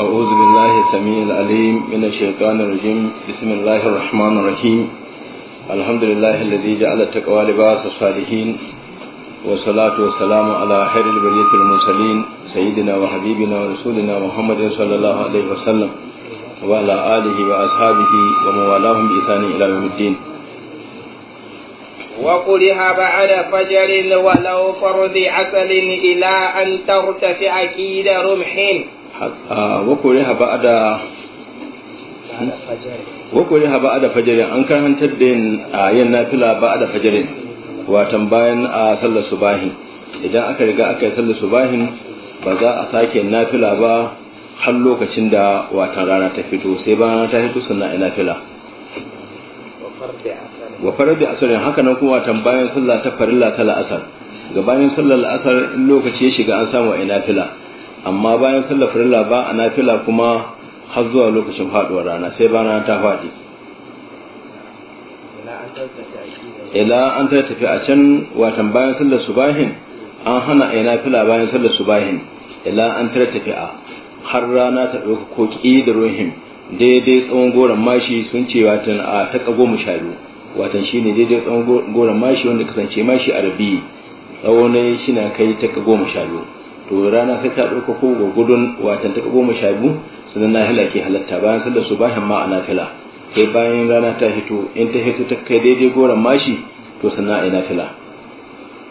أعوذ بالله السميع العليم من الشيطان الرجيم بسم الله الرحمن الرحيم الحمد لله الذي جعل التقوى لباس الصالحين والصلاة والسلام على خير البرية المرسلين سيدنا وحبيبنا ورسولنا محمد صلى الله عليه وسلم وعلى آله وأصحابه وموالاهم بإحسان إلى يوم الدين وقلها بعد فجر ولو فرض عسل إلى أن ترتفع كيد رمح Ah, wakore haba ba'ada da fajirin an karhantar da yin ah, nafila ba da fajirin watan bayan a ah, sallar bahin idan aka riga aka yi sallar subahin ba za a sake nafila ba har lokacin da watan rana ta fito sai ba rana ta fito suna a nafila wa da asarin haka nan kuma watan bayan sallar ta farilla ta la'asar gabanin sallar la'asar lokaci ya shiga an samu a nafila amma bayan sallar farilla ba a nafila kuma har zuwa lokacin faduwar rana sai rana ta faɗi ila an ta tafi a can watan bayan sallar subahin an hana a nafila bayan sallar subahin ila an ta tafi a har rana ta ɗauka ko da ruhim daidai tsawon goron mashi sun ce watan a taka goma sha biyu watan shine daidai tsawon goron mashi wanda kasance mashi arabi tsawonai shi na kai taka goma sha biyu to rana sai ta ɗauka ko gudun watan ta goma sha biyu sannan nafila ke halatta bayan sallar su bayan ma a nafila sai bayan rana ta hito in ta hito ta kai daidai goron mashi to sannan a nafila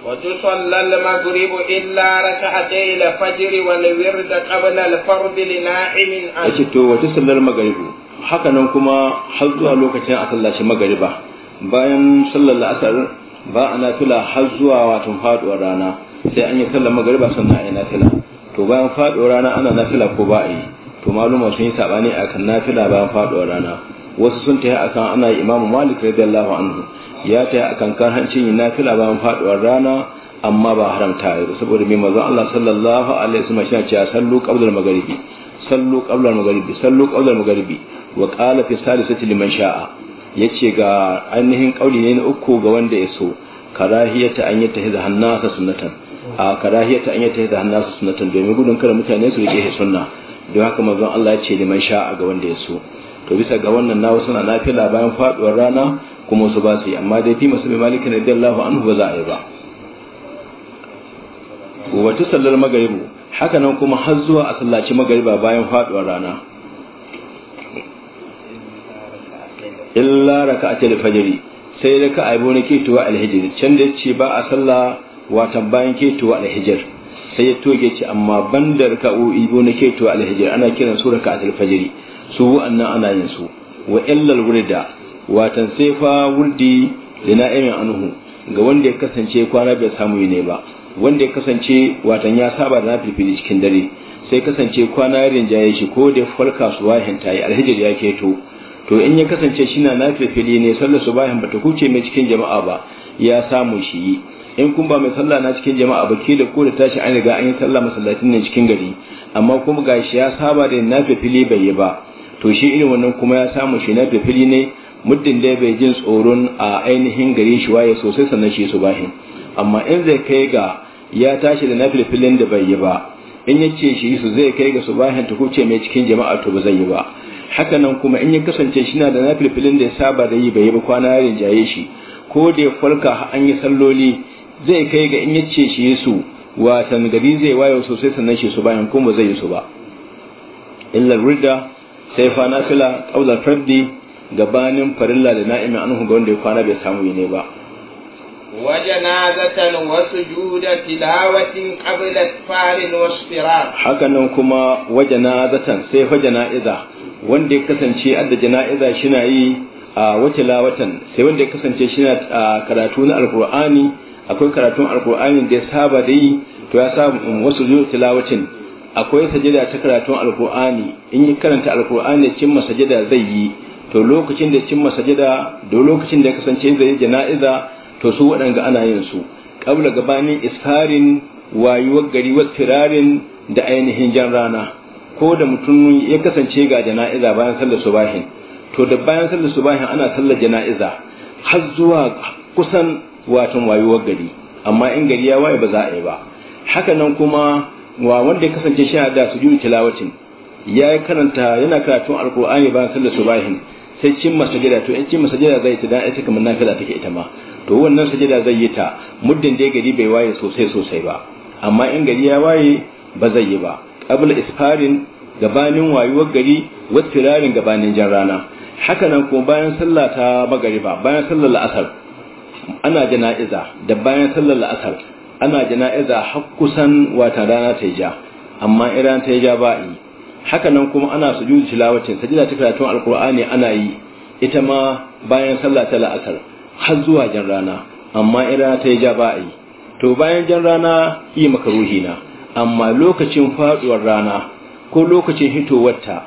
wani المغرب da ركعتي الفجر والورد قبل الفرض لناعم to أشتو وتصلى المغرب hakanan kuma har zuwa lokacin a sallaci magariba bayan sallar la'asar ba a nafila har zuwa watan faduwar rana sai an yi sallar magariba sannan a yi nafila to bayan faɗo rana ana nafila ko ba a yi to maluma sun yi saɓani a kan nafila bayan faɗo rana wasu sun yi a kan ana yi imamu malik radiyallahu anhu ya yi a kan kan hancin yi nafila bayan faɗuwar rana amma ba haramta ya saboda mai mazan Allah sallallahu alaihi wasu mashina ce sallu qabla magaribi sallu magaribi sallu magaribi wa ƙala fi sati liman sha'a ce ga ainihin ƙauli ne na uku ga wanda ya so karahiyata an yi hizahan hannasa sunnatan a karahiyata an yata da hannasu sunatan domin gudun kada mutane su rike sunna don haka mazan Allah ya ce liman sha'a ga wanda ya so to bisa ga wannan nawa suna lafiya bayan faduwar rana kuma su ba su yi amma dai fi masu bi maliki radiyallahu an ba za a yi ba wata sallar magaribu haka nan kuma har zuwa a sallaci magariba bayan faduwar rana illa raka a fajiri sai raka a yi bonaki tuwa alhijiri can da ce ba a sallah watan bayan keto alhijir sai ya toge ce amma bandar da raka'o'i na keto alhijir ana kiran su raka'atul fajiri su wa'annan ana yin su wa illal wurda watan sai fa wurdi da na'imin anhu ga wanda ya kasance kwana bai samu ne ba wanda ya kasance watan ya saba da nafilfili cikin dare sai kasance kwana ya rinjaye shi ko da falka su wahin tayi alhijir ya keto to in ya kasance shi na nafifili ne sallar su bayan bata kuce mai cikin jama'a ba ya samu shi in kun ba mai sallah na cikin jama'a ba ke da ko da tashi an riga an yi sallah masallacin ne cikin gari amma kuma ga shi ya saba da na fili bai yi ba to shi irin wannan kuma ya samu shi na fili ne muddin da bai jin tsoron a ainihin gari shi waye sosai sannan shi su bahin amma in zai kai ga ya tashi da na da bai yi ba in ya ce shi su zai kai ga su bahin ta kuce mai cikin jama'a to ba zai yi ba haka nan kuma in ya kasance shi na da na filfilin da ya saba da yi bai yi ba kwana ya rinjaye shi ko da ya farka an yi salloli zai kai ga in yace shi su watan gari zai wayo sosai sannan shi su bayan kuma zai yi su ba illa rida sai fa nafila qawla fardi gabanin farilla da na'imi anhu ga wanda ya kwana bai samu ne ba وجنازة kuma تلاوة قبل إكفار واصفرار حكنا wanda ya kasance adda jana'iza na yi a wata lawatan sai wanda ya kasance shi na karatu na alkur'ani akwai karatun alkur'ani da ya saba da yi to ya sa wasu zuwa tilawacin akwai sajada ta karatun alkur'ani in yi karanta alkur'ani cimma sajada zai yi to lokacin da cimma sajada da lokacin da ya kasance zai yi jana'iza to su waɗanga ana yin su kabla gabanin isfarin wayuwar gari wattirarin da ainihin jan rana ko da mutum ya kasance ga jana'iza bayan sallar subahin to da bayan sallar subahin ana sallar jana'iza har zuwa kusan watan wayuwar gari amma in gari ya waye ba za a yi ba haka nan kuma wa wanda ya kasance shi da su juyi tilawacin ya yi karanta yana karatun alkur'ani bayan su bahin sai cin masajada to in cin masajada zai ta dan ita kamar nafila take ita ma to wannan sajada zai yi ta muddin dai gari bai waye sosai sosai ba amma in gari ya waye ba zai yi ba qabla isfarin gabanin wayuwar gari wasfirarin gabanin jan rana haka nan kuma bayan sallah ta magariba bayan sallar la'asar ana jana'iza da bayan sallar la'asar ana jana'iza har kusan wata rana ta ja amma iran ta ja ba yi haka nan kuma ana sujudu tilawacin sajida ta karatun alkur'ani ana yi ita ma bayan sallar ta la'asar har zuwa jan rana amma iran ta ja ba yi to bayan jan rana yi maka na amma lokacin faduwar rana ko lokacin ta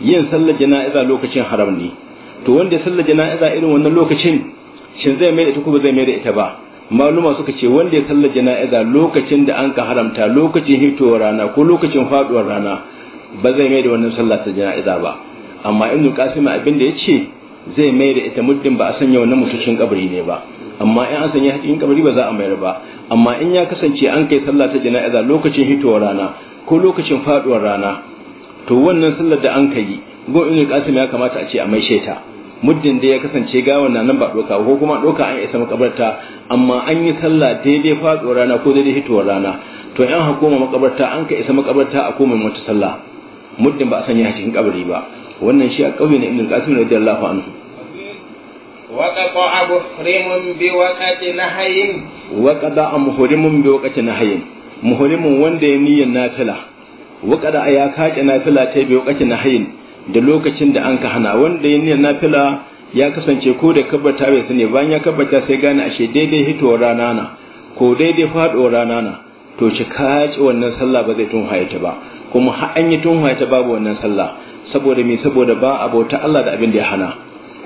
yin sallar jana'iza lokacin haram ne to wanda ya sallar jana'iza irin wannan lokacin shin zai mai da ita ko ba zai mai da ita ba maluma suka ce wanda ya sallar jana'iza lokacin da an ka haramta lokacin hitowar rana ko lokacin faduwar rana ba zai mai da wannan sallah ta jana'iza ba amma ibnu qasim abin da yace zai mai da ita muddin ba a sanya wannan mutuncin kabari ne ba amma in an sanya hakikin kabari ba za a mayar ba amma in ya kasance an kai sallah ta jana'iza lokacin hitowar rana ko lokacin faduwar rana to wannan sallar da an kai go ibnu qasim ya kamata a ce a mai sheta muddin da ya kasance gawan na nan ba doka ko kuma doka an isa makabarta amma an yi sallah daidai faɗuwar rana ko daidai hitowar rana to yan hukuma makabarta an ka isa makabarta a komai mata sallah muddin ba a sanya cikin kabari ba wannan shi a kauye na ibn qasim radiyallahu anhu وقطع محرم amhurimun bi waqati محرم muhurimun wanda ya وند nafila نافلة وقد أيا nafila نافلة bi waqati نهي da lokacin da an ka hana wanda ya niyyar nafila ya kasance ko da kabbata bai sani bayan ya kabbata sai gane ashe daidai hitowar rana na ko daidai faɗuwar rana na to ci kaci wannan sallah ba zai tun ta ba kuma har an yi tunhaye ta babu wannan sallah saboda me saboda ba abota Allah da abin da ya hana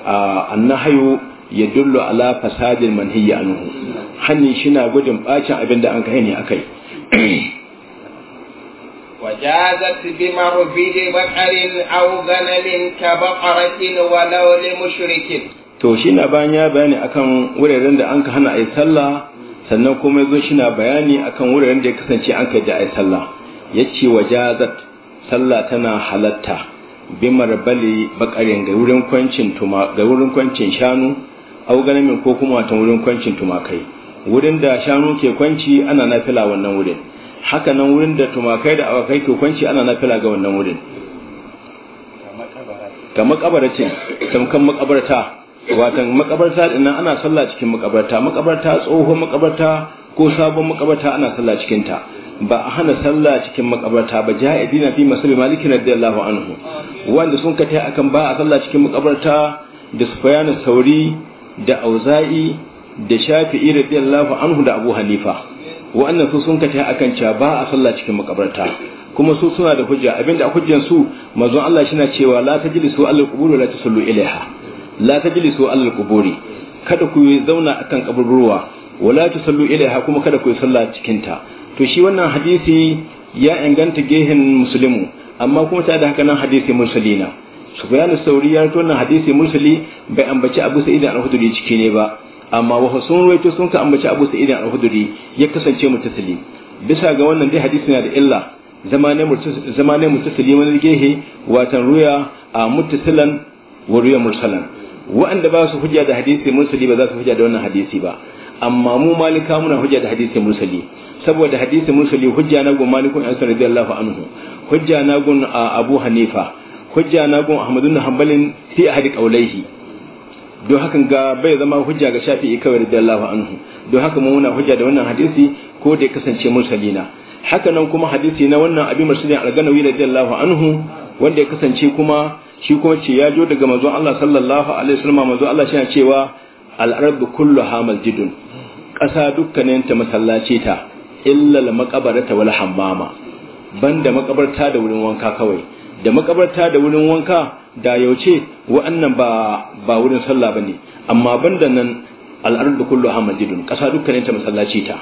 A annahayu yadullu ala fasadil manhiyya anhu shi na gudun bacin abin da an kai ne akai جازت بمربد بقر أو غنم كبقرة ولو لمشرك to shi bayan ya bayani akan wuraren da an ka hana ayi sallah sannan kuma yazo shi bayani akan wuraren da ya kasance an ka da ai sallah yace wajazat sallah tana halatta bimar bali bakarin ga wurin kwancin tuma ga wurin kwancin shanu au ko kuma watan wurin kwancin tumakai wurin da shanu ke kwanci ana nafila wannan wurin haka nan wurin da tumakai da awakai ke kwanci ana nafila ga wannan wurin ga makabarci tamkan makabarta watan makabarta din nan ana sallah cikin makabarta makabarta tsohon makabarta ko sabon makabarta ana sallah cikin ta ba a hana sallah cikin makabarta ba ja'idina fi masabi maliki radiyallahu anhu wanda sun ka tai akan ba a sallah cikin makabarta da sufyanu sauri da auza'i da shafi'i radiyallahu anhu da abu hanifa wa'annan su sun kace akan cewa ba a sallah cikin makabarta kuma su suna da hujja abinda hujjan su manzo Allah shi na cewa la tajlisu alal quburi la tusallu ilaiha la tajlisu alal quburi kada ku zauna akan kaburruwa wala tusallu ilaiha kuma kada ku yi sallah cikin ta to shi wannan hadisi ya inganta gehen muslimu amma kuma ta da haka nan hadisi mursalina sufyan sauri ya rawaito wannan hadisi mursali bai ambaci abu sa'id al-khudri ciki ne ba amma wa sun ruwaito sun ka ambaci Abu Sa'id al-Khudri ya kasance mutasili bisa ga wannan dai hadisi na da illa Zamanai mutasili zamanai mutasili wani gehe watan ruya a mutasilan wa ruya mursalan wa'anda ba su hujja da hadisi mursali ba za su hujja da wannan hadisi ba amma mu malika muna hujja da hadisi mursali saboda hadisi mursali hujja na gun malikun anas radiyallahu anhu hujja na gun abu hanifa hujja na gun ahmadu bin hanbalin fi ahadi qawlaihi don hakan ga bai zama hujja ga shafi kawai radiyallahu anhu don haka mu muna hujja da wannan hadisi ko da ya kasance mursalina haka nan kuma hadisi na wannan abin mursalin alganawi radiyallahu anhu wanda ya kasance kuma shi kuma ce ya jo daga manzon Allah sallallahu alaihi wasallam manzon Allah shi cewa al-ardu kulluha maljidun ƙasa dukkanin ta masallaci ta illa al-maqbarata wal hammama banda makabarta da wurin wanka kawai da makabarta da wurin wanka da yauce wa'annan ba ba wurin sallah bane amma banda nan al'ardu kullu hamadidun kasa dukkanin ta masallaci ta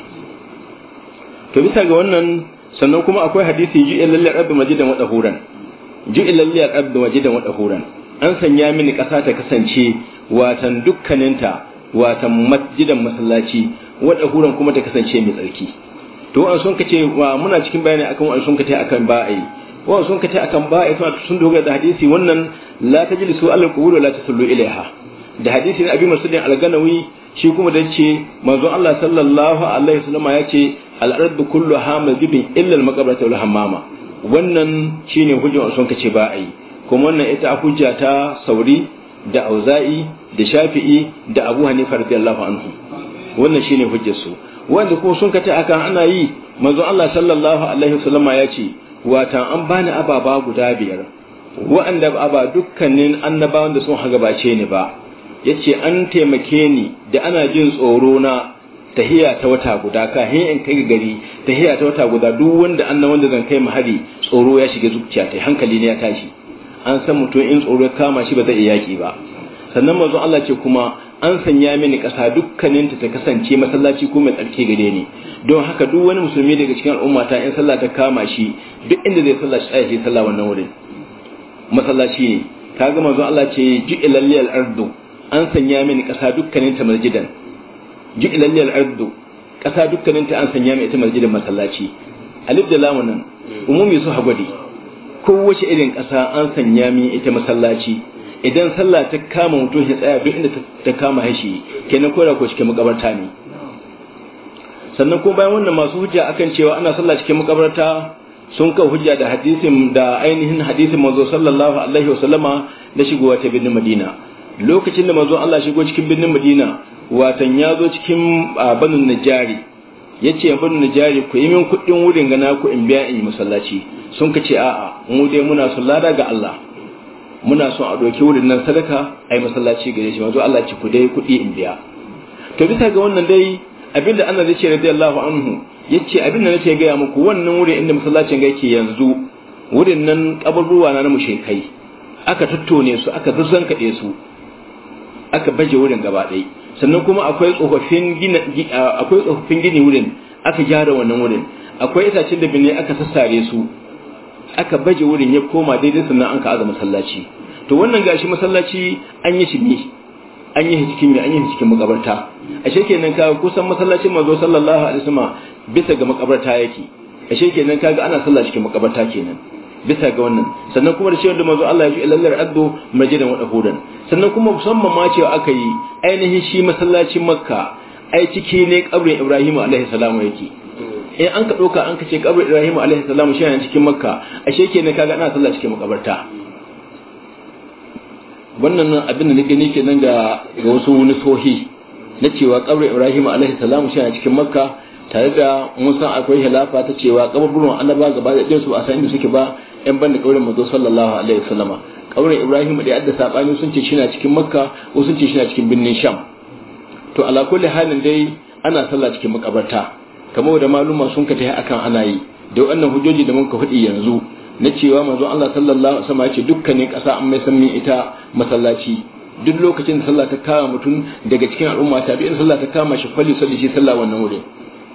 to bisa ga wannan sannan kuma akwai hadisi ju'il lil rabbi majidan wa dahuran ju'il lil rabbi majidan wa dahuran an sanya mini kasa ta kasance watan dukkanin ta watan masjidan masallaci wa dahuran kuma ta kasance mai tsarki to an sun kace wa muna cikin bayani akan an sun kace akan ba wa sun kace akan ba'ifa sun dogara da hadisi wannan la tajlisu alal qubur la tasallu ilaiha da hadisi na abi masudin al-ganawi shi kuma da ce manzo Allah sallallahu alaihi wasallam ya ce al-ardu kulluha mazibin illa al-maqabrata wal hammama wannan shine hujjar sun kace ba ai kuma wannan ita hujja ta sauri da auza'i da shafi'i da abu hanifa radiyallahu anhu wannan shine hujjar su wanda kuma sun kace akan ana yi manzo Allah sallallahu alaihi wasallam ya ce watan an bani ababa guda biyar wa'anda ba dukkanin annabawan da sun haga bace ni ba yace an taimake ni da ana jin tsoro na tahiya ta wata guda hin in kai gari tahiya ta wata guda duk wanda annan wanda zan kai mahari tsoro ya shiga zuciya ta hankali ne ya tashi an san mutum in tsoro ya kama shi ba zai yaki ba sannan manzo Allah ce kuma an sanya mini ƙasa dukkaninta ta kasance masallaci ko mai tsarki gare ni don haka duk wani musulmi daga cikin al'umma ta in sallah ta kama shi duk inda zai sallah shi tsaya sallah wannan wurin masallaci ne ga manzon Allah ce ju'ilal lil ardu an sanya mini ƙasa dukkaninta masjidan ju'ilal lil ardu ƙasa dukkaninta an sanya mini ita masjidan masallaci alif da lam nan umumi su hagwadi kowace irin ƙasa an sanya mini ita masallaci idan sallah ta kama mutum ya tsaya duk inda ta kama kenan ko da ko cikin makabarta ne sannan kuma bayan wannan masu hujja akan cewa ana sallah cikin makabarta sun kawo hujja da hadisin da ainihin hadisin manzo sallallahu alaihi wasallama da shigowa ta birnin Madina lokacin da manzo Allah shigo cikin birnin Madina watan ya zo cikin banin Najari yace ya banin Najari ku yi min kuɗin wurin gana ku in biya in yi masallaci sun kace a'a mu dai muna lada ga Allah muna son a ɗauki wurin nan sadaka a yi masallaci gare shi mazu Allah ci ku dai kuɗi in biya to bisa ga wannan dai abin da Allah zai ce radiyallahu anhu yace abin da nake gaya muku wannan wurin inda masallacin ga yake yanzu wurin nan kaburbuwa na na mushrikai aka tattone su aka zazzankade su aka baje wurin gaba ɗaya sannan kuma akwai tsofaffin gina akwai tsofaffin gini wurin aka gyara wannan wurin akwai itacen da bine aka sassare su aka baje wurin ya koma daidai sannan an ka aza masallaci to wannan gashi masallaci an yi shi an yi cikin an yi cikin makabarta ashe kenan ka kusan masallacin mazo sallallahu alaihi wasallam bisa ga makabarta yake ashe kenan kaga ana sallah cikin makabarta kenan bisa ga wannan sannan kuma da shi wanda manzo Allah ya ji lallar addu majidan wa dahudan sannan kuma musamman ma cewa akai yi ainihin shi masallacin makka ai ciki ne kabrin ibrahim alaihi salamu yake eh an ka ɗauka an ka ce kabar ibrahim alaihi salam shi yana cikin makka ashe kenan kaga ana sallah cikin makabarta wannan abin da nake nake nan ga ga wasu nusohi na cewa kabar ibrahim alaihi salam shi yana cikin makka tare da musa akwai halafa ta cewa kaburburan annaba gaba da su a san da suke ba yan banda kaurin manzo sallallahu alaihi wasallama kaurin ibrahim da yadda sabani sun ce shi cikin makka wasu sun ce shi cikin binnin sham to ala kulli halin dai ana sallah cikin makabarta kamar da maluma sun ka tafi akan ana yi da wannan hujjoji da muka hudi yanzu na cewa manzo Allah sallallahu alaihi wasallam ya ce dukkanin ƙasa an mai san ita masallaci duk lokacin da sallah ta kama mutum daga cikin al'umma ta bi in sallah ta kama shi falli salli shi sallah wannan wurin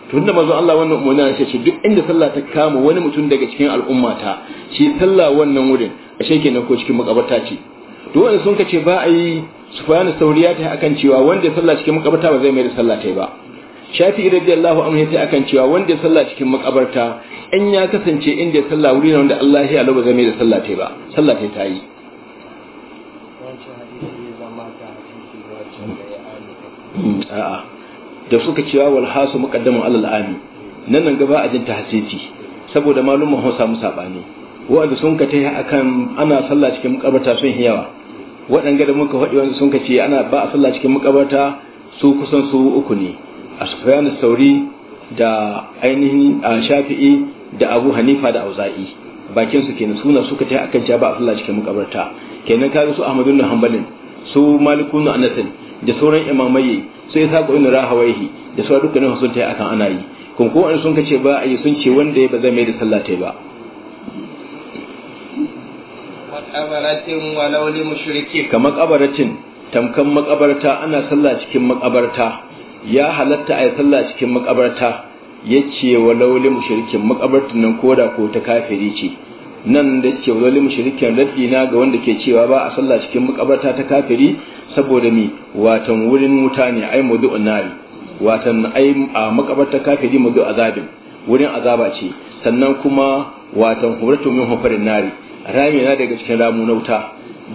to tunda manzo Allah wannan umarni ya ce duk inda sallah ta kama wani mutum daga cikin al'umma ta shi sallah wannan wurin ashe kenan ko cikin makabarta ce to wanda sun ka ce ba a yi sufyan sauriya ta akan cewa wanda sallah cikin makabarta ba zai mai da sallah ta ba shafi radiyallahu anhu yace akan cewa wanda ya salla cikin makabarta in ya kasance inda ya salla wuri ne wanda Allah ya alaba zame da salla ta ba salla ta ta yi a'a da suka cewa wal hasu ala al ami nan nan gaba a jinta hasiti saboda malumin Hausa mu sabani wanda sun ka tai akan ana salla cikin makabarta sun hiyawa waɗanda da muka faɗi wanda sun ka ce ana ba a salla cikin makabarta su kusan su uku ne a sauri da ainihin shafi'i da abu hanifa da auza'i bakin su kenan suna suka ta akan jaba abdullahi cikin makabarta kenan kaga su ahmadu bin hanbalin su maliku bin anas da sauran imamai su ya ko inna rahawaihi da sauran dukkanin sun ta akan ana yi kuma ko an sun kace ba ayi sun ce wanda ya ba mai da sallah tai ba kamar kabaratin tamkan makabarta ana sallah cikin makabarta ya halatta a yi sallah cikin makabarta ya ce wa laulin mashirikin makabartin nan koda ko ta kafiri ce nan da ce wa laulin mashirikin rafina ga wanda ke cewa ba a sallah cikin makabarta ta kafiri saboda mi watan wurin mutane ne ai mudu'un nari watan ai a makabarta kafiri mudu azabin wurin azaba ce sannan kuma watan huratu min hufarin nari rami na daga cikin ramu na wuta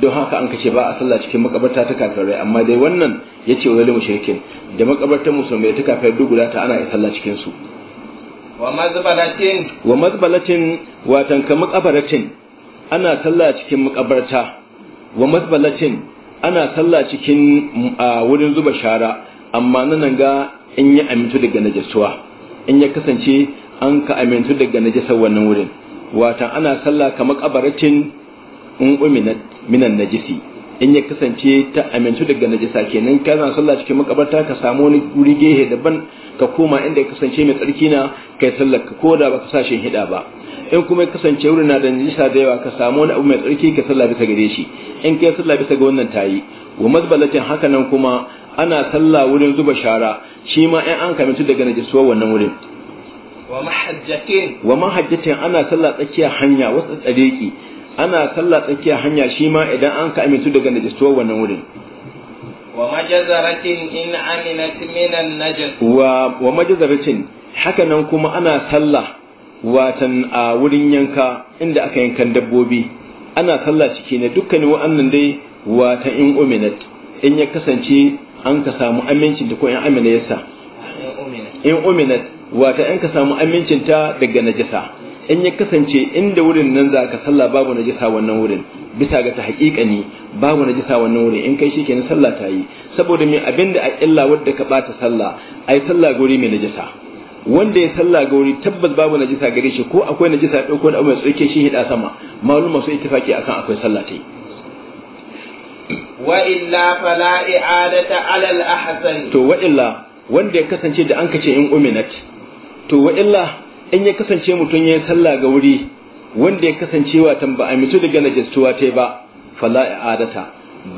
don haka an kace ba a sallah cikin makabarta ta kafirai amma dai wannan ya ce wani mushrikin da makabartar musulmai ta kafin dugula ta ana sallah cikinsu. wa mazbalatin wa watan ka makabaratin ana sallah cikin makabarta wa mazbalatin ana sallah cikin wurin zuba shara amma nan ga in ya amintu daga najasuwa in ya kasance an ka amintu daga najasar wannan wurin watan ana sallah ka makabaratin in uminat najisi in ya kasance ta amintu daga najisa kenan ka kana sallah cikin makabarta ka samu wani guri gehe daban ka koma inda ya kasance mai tsarki na kai sallar ka koda ka sa shin hida ba in kuma ya kasance wurin na da najisa da yawa ka samu wani abu mai tsarki ka sallah bisa gare shi in kai sallah bisa ga wannan tayi wa mazbalatin haka nan kuma ana sallah wurin zuba shara shi ma in an kamintu daga najisuwar wannan wurin wa mahajjatin ana sallah tsakiyar hanya wasu tsareki ana sallah tsakiya hanya shi ma idan an ka amintu daga najistuwar wannan wurin wa majazaratin in aminat minan najas wa wa majazaratin haka nan kuma ana sallah watan a wurin yanka inda aka yankan dabbobi ana sallah ciki ne dukkanin wa'annan dai watan in uminat in ya kasance an ka samu amincin da ko in amina yasa in uminat wata in ka samu amincin ta daga najasa in ya kasance inda wurin nan za ka sallah babu na jisa wannan wurin bisa ga ta haƙiƙa ne babu na jisa wannan wurin in kai shikenan sallah ta yi saboda me abinda a illa wadda ka bata sallah yi sallah gori mai najisa wanda ya sallah gori tabbas babu na jisa gare shi ko akwai na jisa ɗauko da abu mai tsoke shi hida sama maluma su ittifaki akan akwai sallah ta yi wa illa fala i'adata alal ahsan to wa illa wanda ya kasance da an kace in uminat to wa illa in ya kasance mutum ya sallah ga wuri wanda ya kasance wa tamba a mitu daga najistuwa ta ba fala i'adata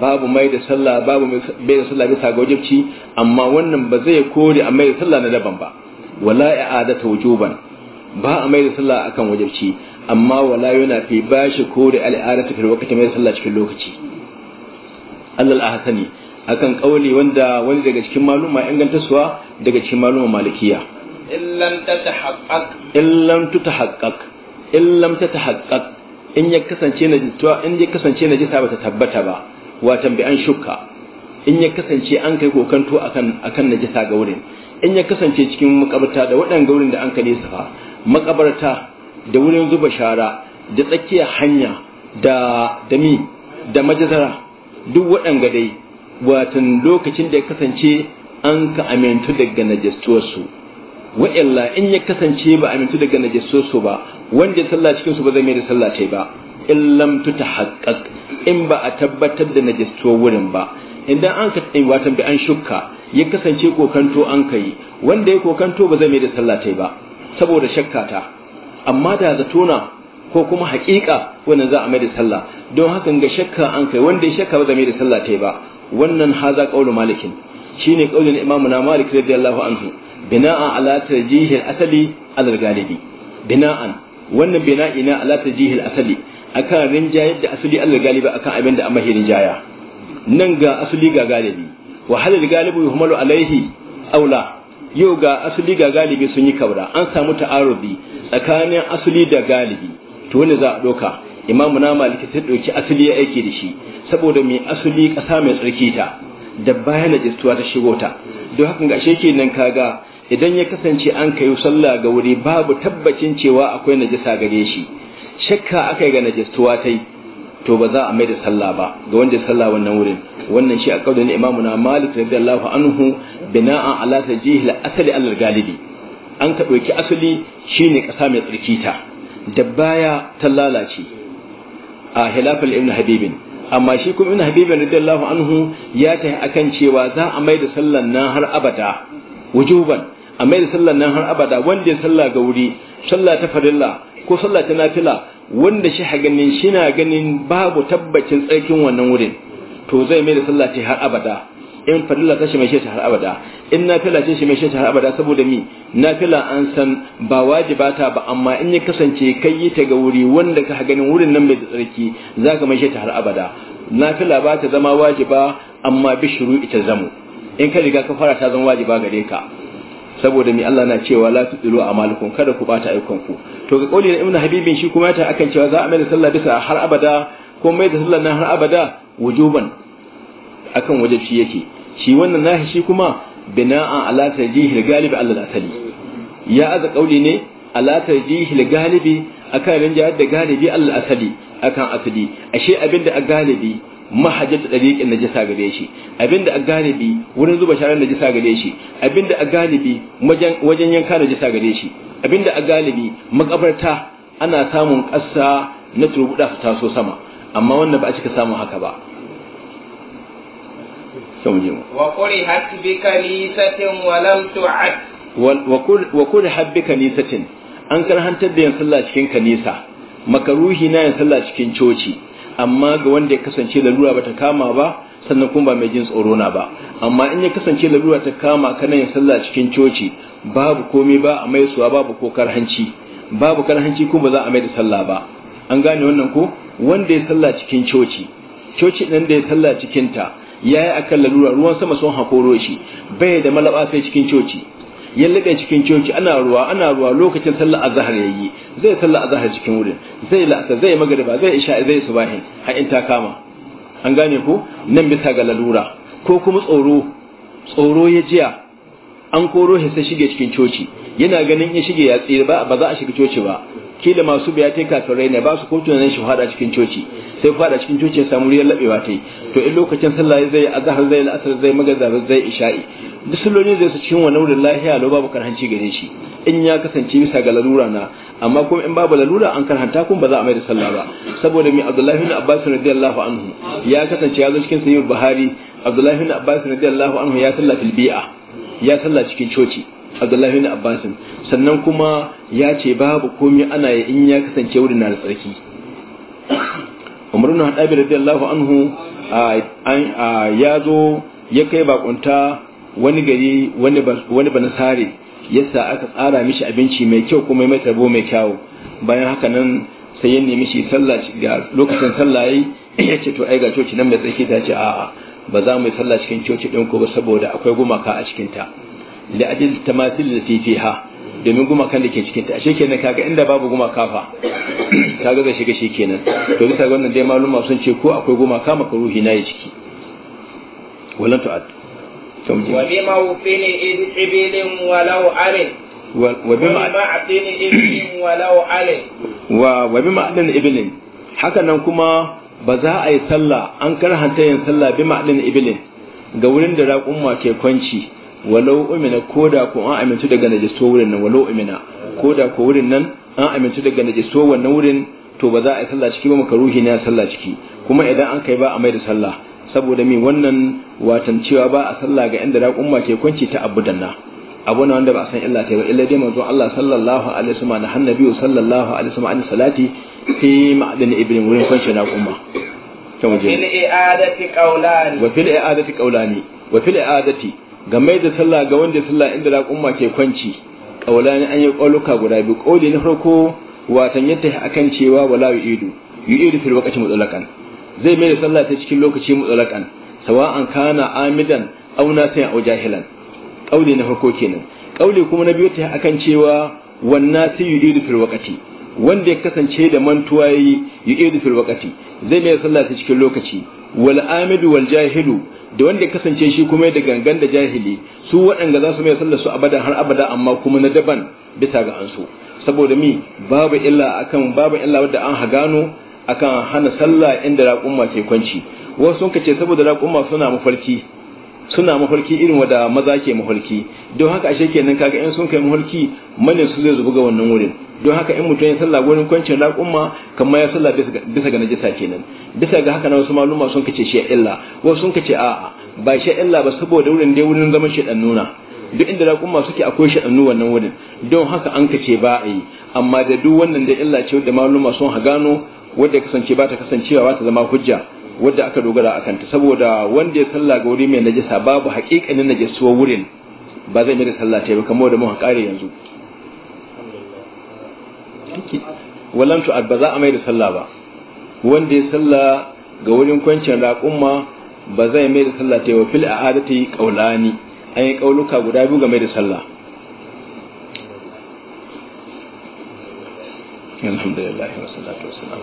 babu mai da sallah babu mai da sallah bisa ga wajibci amma wannan ba zai kore a mai da sallah na daban ba wala i'adata wujuban ba a mai da sallah akan wajibci amma wala yana fi bashi kore al'adata fil waqti mai sallah cikin lokaci Allah al-ahsani akan kauli wanda wani daga cikin maluma inganta daga cikin maluma malikiya illam tatahaqqaq illam tatahaqqaq illam tatahaqqaq in ya kasance na in ya kasance na jisa bata tabbata ba watan bi an shukka in ya kasance an kai kokanto akan akan najisa ga wurin in ya kasance cikin makabarta da waɗannan wurin da an ka nesa fa makabarta da wurin zuba shara da tsakiyar hanya da dami da majazara duk waɗanga dai watan lokacin da ya kasance an ka amintu daga najistuwarsu wa'illa in ya kasance ba a mintu daga najasosu ba wanda ya cikin su ba zai mai da sallah tai ba in ta tutahaqqaq in ba a tabbatar da najasto wurin ba idan an ka eh, watan bi an shukka ya kasance kokanto an kai wanda ya kokanto ba zai mai da sallah tai ba saboda shakka ta amma da zato na ko kuma haƙiƙa wannan za a mai da sallah don hakan ga shakka an kai wanda ya shakka ba zai mai da sallah tai ba wannan haza ƙaunar malikin shine ƙaunar imamu na malik radiyallahu anhu bina'an alatar tarjihil asali alal galibi bina'an wannan bina'i na alatar tarjihil asali akan rinjayar da asali alal galibi akan abin da amma rinjaya nan ga asali ga galibi wa galibi galibu yuhmalu alaihi aula yau ga asali ga galibi sun yi kabra an samu ta'arudi tsakanin asali da galibi to wani za a doka imamu na maliki ta ɗauki asali ya aiki da shi saboda mai asali ƙasa mai tsarki ta da bayan najistuwa ta shigo ta don hakan ga shi ka kaga idan ya kasance an kayu sallah ga wuri babu tabbacin cewa akwai najisa gare shi shakka akayi ga najistuwa tai to ba za a mai da sallah ba ga wanda sallah wannan wurin wannan shi a kaudin imamu na malik radiyallahu anhu bina'a ala tajihil asali alal galibi an ka ɗauki asali shine kasa mai ta da baya ta lalace a hilafal ibn habibin amma shi kuma ibn habibin radiyallahu anhu ya tafi akan cewa za a mai da sallan nan har abada wujuban a mai da sallar nan har abada wanda ya sallah ga wuri sallah ta farilla ko sallah ta nafila wanda shi ha ganin shi na ganin babu tabbacin tsarkin wannan wurin to zai mai da sallah ta har abada in farilla ta shi mai shi har abada in nafila ce shi mai shi har abada saboda mi nafila an san ba wajibata ba amma in ya kasance kai yi ta ga wuri wanda ka ganin wurin nan mai da tsarki zaka mai ta har abada nafila ba ta zama wajiba amma bi ita zamu in ka riga ka fara ta zama wajiba gare ka saboda mi Allah na cewa la tudilu amalukum kada ku bata ayyukan ku to ga kauli na ibnu habibin shi kuma ta akan cewa za a mai da sallah bisa har abada ko mai da sallah nan har abada wujuban akan wajibi yake shi wannan nahi shi kuma Bina'a ala tarjihil galibi Allah asali ya aza kauli ne ala tarjihil galibi akan rinjayar da galibi Allah asali akan asali ashe abinda a galibi mahajjatu dariqin najasa gare shi abinda a galibi wurin zuba sharar najasa gare shi abinda a galibi wajen yanka najasa gare shi abinda a galibi makabarta ana samun ƙasa na turbuda su taso sama amma wannan ba a cika samun haka ba wa kuri hatbi kanisatin wa lam tu'ad wa kuri habbi kanisatin an karhantar da yin sallah cikin kanisa makaruhi na yin sallah cikin coci amma ga wanda ya kasance lalura ba ta kama ba sannan kuma ba mai jin tsoro na ba amma in ya kasance lalura ta kama kana yin sallah cikin coci babu komai ba a mai suwa babu ko karhanci babu karhanci ko ba za a mai da sallah ba an gane wannan ko wanda ya sallah cikin coci coci din da ya sallah cikin ta yayi akan lalura ruwan sama sun hakoro shi bai da malaba sai cikin coci ya liƙa cikin coci ana ruwa ana ruwa lokacin sallar azhar yayi zai sallar azhar cikin wurin zai la'asar zai magriba zai isha zai subahin har in ta kama an gane ko nan bisa ga lalura ko kuma tsoro tsoro ya jiya an koro shi sai shige cikin coci yana ganin ya shige ya tsira ba ba za a shiga coci ba kila masu biya ta kafirai ne ba su ko tunanin shi fada cikin coci sai fada cikin coci ya samu riyar labewa ta to in lokacin sallah zai azhar zai al'asar zai magaza zai isha'i duk sallolin zai su cikin wa wurin lahiya lo babu karhanci gare shi in ya kasance bisa ga lalura na amma kuma in babu lalura an karhanta kun ba za a mai da sallah ba saboda mi Abdullahi bin Abbas radiyallahu anhu ya kasance ya zo cikin sayyid Buhari Abdullahi bin Abbas radiyallahu anhu ya salla fil bi'a ya salla cikin coci abdullahi bin abbas sannan kuma ya ce babu komai ana yi in ya kasance wurin na da tsarki umar bin hadabi radiyallahu anhu ya zo ya kai bakunta wani gari wani banasare yasa aka tsara mishi abinci mai kyau kuma mai tabo mai kyau bayan haka nan sai ya nemi shi sallah ga lokacin sallah yi ya ce to ai ga coci nan mai tsarki ta ce a'a ba za mu yi sallah cikin coci ɗin ko ba saboda akwai gumaka a cikinta. ta da ajin tamasil lati fiha domin gumakan da ke cikin ta ashe kenan kaga inda babu gumaka fa kaga ga shiga kenan to bisa ga wannan dai maluma sun ce ko akwai gumaka ruhi na yi ciki walan tu'ad وبموطن ma حبل ولو علم وبمعطن wa ولو ma وبمعطن ibilin haka nan kuma ba za a yi sallah an karhanta yin sallah bi ma adana ibilin ga wurin da raƙumma ke kwanci walau umina da ko an amince daga najisto wurin nan walau umina da ko wurin nan an amince daga najisto wannan wurin to ba za a yi sallah ciki ba ruhi na sallah ciki kuma idan an kai ba a mai da sallah saboda mi wannan watan cewa ba a sallah ga inda raƙumma ke kwanci ta abudan na abu na wanda ba a san illa ta ba illa dai manzon Allah sallallahu alaihi wasallam na hannabi sallallahu alaihi wasallam an salati fi ma'adin ibrin wurin kwanci raƙumma kamar je wa fil i'adati qawlani wa fil i'adati qawlani wa fil i'adati game da sallah ga wanda sallah inda raƙumma ke kwanci ƙaulani an yi ƙwaluka guda biyu ƙoli na farko watan yadda akan cewa wala yu'idu yu'idu fil waqti mutlaqan zai mai da sallah ta cikin lokaci mutlaqan sawa'an kana amidan aw nasiyan aw jahilan ƙauli na farko kenan ƙauli kuma na biyu ta akan cewa wanna sai yu'idu fil waqti wanda ya kasance da mantuwa yi yu'idu fil waqti zai mai da sallah ta cikin lokaci wal amidu wal jahilu da wanda kasance shi kuma da gangan da jahili su waɗanda za su mai sallar su abada har abada amma kuma na daban bisa ga ansu saboda mi babu illa akan babu illa wadda an gano akan hana sallah inda raƙumma ke kwanci wasu sun kace saboda raƙumma suna mafarki suna mafarki irin wada maza ke mafarki don haka ashe kenan kaga in sun kai mafarki malin su zai ga wannan wurin don haka in mutum ya sallah gurin kwancin raƙumma kamar ya sallah bisa ga najisa kenan bisa ga haka na wasu maluma sun kace shi illa wasu sun kace a'a ba shi illa ba saboda wurin dai wurin zaman shi nuna duk inda raƙumma suke akwai shi wannan wurin don haka an kace ba a yi amma da duk wannan da illa ce da maluma sun gano wanda ya kasance ba ta kasancewa ba ta zama hujja wadda aka dogara a kanta saboda wanda ya salla ga wuri mai najasa babu haƙiƙanin najasuwar wurin ba zai mai da sallah ta ba kamar da muka ƙare yanzu wallan tu'ad ba za a mai da sallah ba wanda ya salla ga wurin kwancin raƙumma ba zai mai da sallah ta wa fil a'adati ƙaunani, an yi ƙaunuka guda biyu ga mai da sallah alhamdulillah wa salatu wa salam